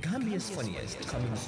Gambia's funniest comedy.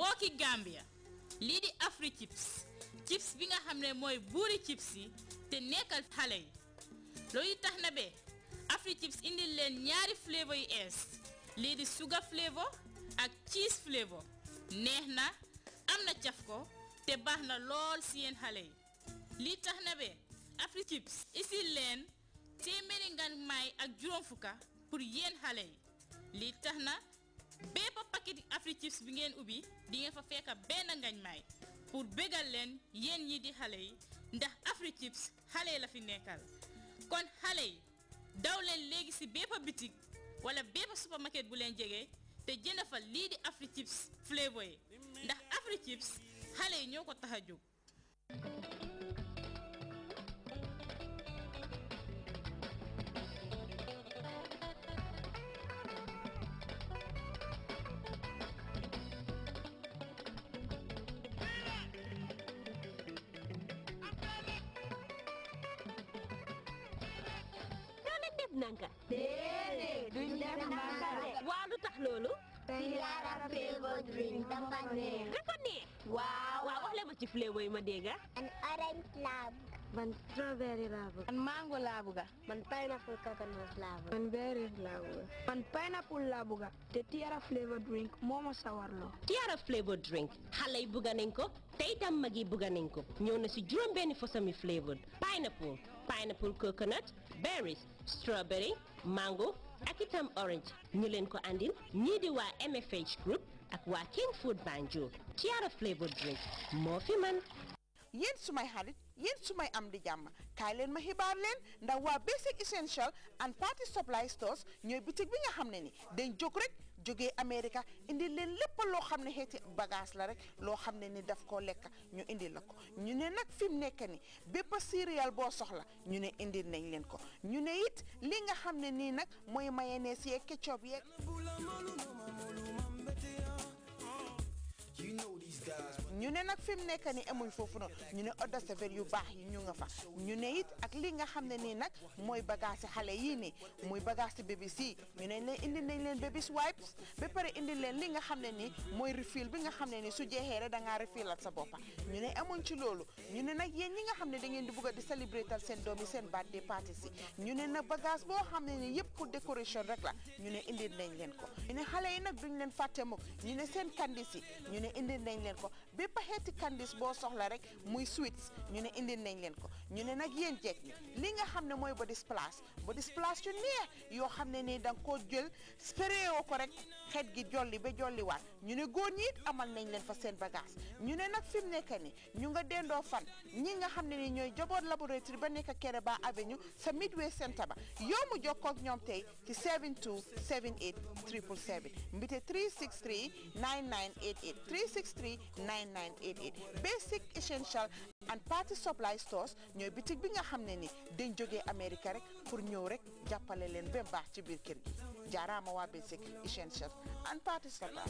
mbokki Gambia lii di afri chips bi nga xam ne mooy buuri chips yi te nekkal xale yi loolu tax na be afri chips indil leen ñaari flavor yu ees lii di sugar flavor ak cheese flavor neex na am na caf ko te baax na lool si yéen xale yi lii tax na be afri chips isil leen téeméeri ngan may ak juróom fukka pour yéen xale yi lii tax na bépp paketi Africhips bi ngeen ubbi di ngeen fa fekk benn ngañ maay pour bégal leen yéen ñi di xale yi ndax Africhips xale yi la fi nekkal kon xale yi daw leen léegi si bépp bitig wala bépp supermarket bu leen jege te jënd fa lii di Africhips flavor yi ndax Africhips xale yi ñoo ko tax a jóg def nanka déedéet duñ def nanka de lu tax loolu Tilaara flavor drink dafa neex waaw waaw wax ma ci flavor yi ma dégg ah. an orange laa bëgg man mango laa bëgg man pineapple coconut laa bëgg laa bëgg man pineapple laa te tiara flavor drink moo ma sawarloo tiara flavor drink xale yi bëgg nañ ko tey itam mag yi bugga nañ ko ñëw na si juróom benni façon mi pineapple pineapple coconut berries strawberry mango ak itam orange ñu leen ko andil ñii di waa MFH group ak waa King Food Banjul a flavored drink moo fi man may sumay xarit su may am di jàmm kaay leen ma xibaar leen ndax waa basic essential and party supply stores ñooy bitik bi nga xam ne ni dañ jóg rek jóge Amérique indi leen lépp loo xam ne xeeti bagage la rek loo xam ne ni daf koo lekk ñu indi la ko ñu ne nag fi mu nekk ni bépp céréale boo soxla ñu ne indi nañ leen ko ñu ne it li nga xam ne nii nag mooy mayonnaise yeeg ketchup yeeg. You know these ñu ne nag fi mu nekk ni amuñ foofu noonu ñu ne eau de javel yu baax yi ñu nga fa ñu ne it ak li nga xam ne nii nag mooy bagage xale yii nii muy bagage si bébis yi ñu ne leen indi nañ leen bébis wipes ba indi leen li nga xam ne nii mooy refill bi nga xam ne su jeexee rek da ngaa refillal sa boppa ñu ne amuñ ci loolu ñu ne nag yéen ñi nga xam ne da ngeen di bugg a di célébrétal seen doom yi seen birthday party si ñu ne nag bagage boo xam ne nii yëpp pour décoration rek la ñu ne indi nañ leen ko ñu ne xale yi nag duñ leen fàtte mukk ñu ne seen kandis si ñu ne indi nañ leen ko bépp xeeti kandis boo soxla rek muy sweets ñu ne indi nañ leen ko ñu ne nag yéen jeeg li nga xam ne mooy body splash body splash yu neex yoo xam ne nii da nga koo jël spréo ko rek xeet gi jolli ba jolliwaat ñu ne góor ñi amal nañ leen fa seen bagage ñu ne nag fi mu nekk ni ñu nga dendoo fan ñi nga xam ne nii ñooy jaboot laboratoire ba nekk ba Avenue sa Midway Centre ba yow mu jokkoo ak ñoom tey ci 72 78 triple 7 mbite 363 9988 363 99 9988 basic essential and party supply stores ñooy bitig bi nga xam ne ni dañ jógee Amérique rek pour ñëw rek jàppale leen ba baax ci biir kër gi jaaraama waa basic essential and party supply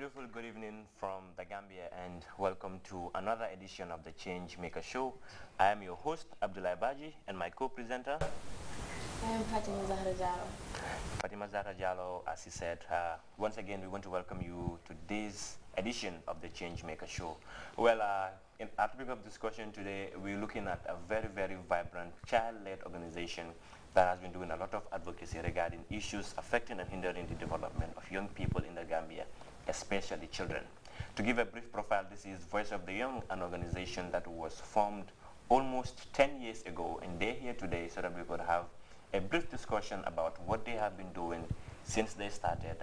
beautiful good evening from the Gambia and welcome to another edition of the Change Maker Show. I am your host, Abdullah Baji, and my co-presenter... I am Fatima Zahra Jalo. Fatima Zahra Jalo, as he said, uh, once again we want to welcome you to this edition of the Change Maker Show. Well, uh, in our topic of discussion today, we're looking at a very, very vibrant child-led organization that has been doing a lot of advocacy regarding issues affecting and hindering the development of young people in the Gambia especially children. To give a brief profile, this is Voice of the Young, an organization that was formed almost 10 years ago, and they're here today so that we could have a brief discussion about what they have been doing since they started